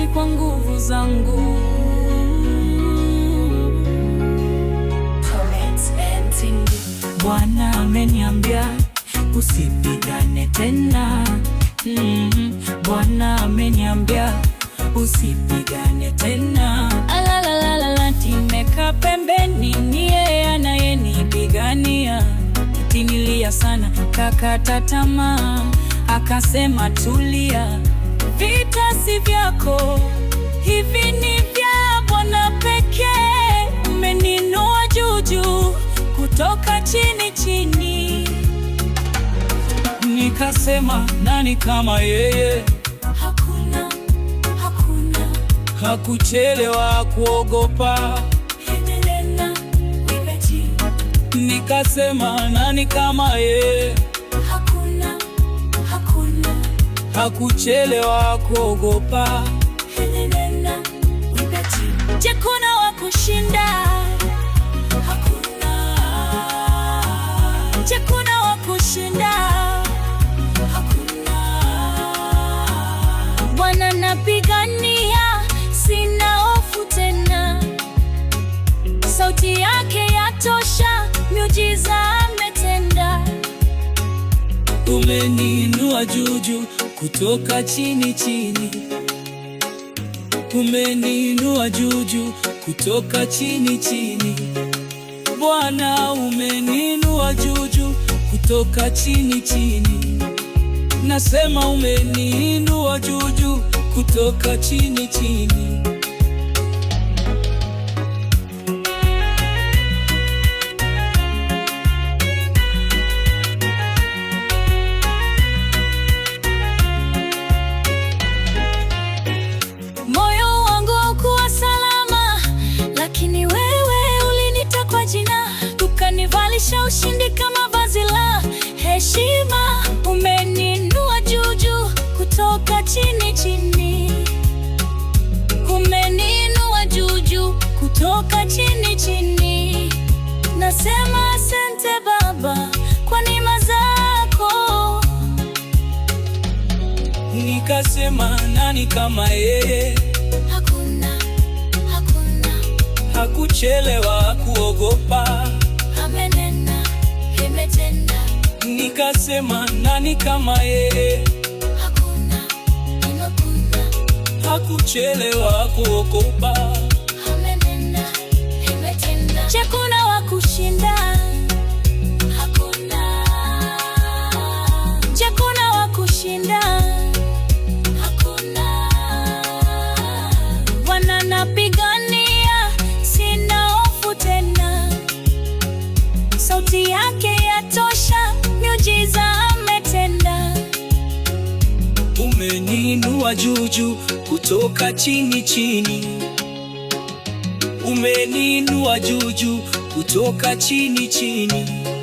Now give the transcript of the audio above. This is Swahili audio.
si kwa nguvu zangu. Bwana ameniambia usipigane tena. Mm -hmm. Bwana ameniambia usipigane tena. Alalalala, nimeka pembeni, ni yeye anayenipigania. Nililia sana kakata tamaa, akasema tulia Vita si vyako, hivi ni vya Bwana pekee. Umeninua juu juu kutoka chini chini. Nikasema, nani kama yeye? Hakuna, hakuna. Hakuchelewa kuogopa. Nikasema, nani kama yeye? hakuchelewa kuogopa. Hakuna wa kushinda, hakuna wa kushinda. Bwana napigania, sina hofu tena, sauti yake yatosha, miujiza ametenda, umeniinua juu juu kutoka chini chini, umeninua juu juu kutoka chini chini. Bwana umeninua juu juu kutoka chini chini, nasema umeninua juu juu kutoka chini chini. heshima, umeninua juu juu kutoka chini chini, umeninua juu juu kutoka chini chini. Nasema asante Baba kwa neema zako. Nikasema nani kama yeye? Hakuna, hakuna. Hakuchelewa kuogopa nikasema nani kama yeye? Hakuna, hakuna, hakuchelewa kuokoka. Umeniinua juu juu kutoka chini chini, umeniinua juu juu kutoka chini chini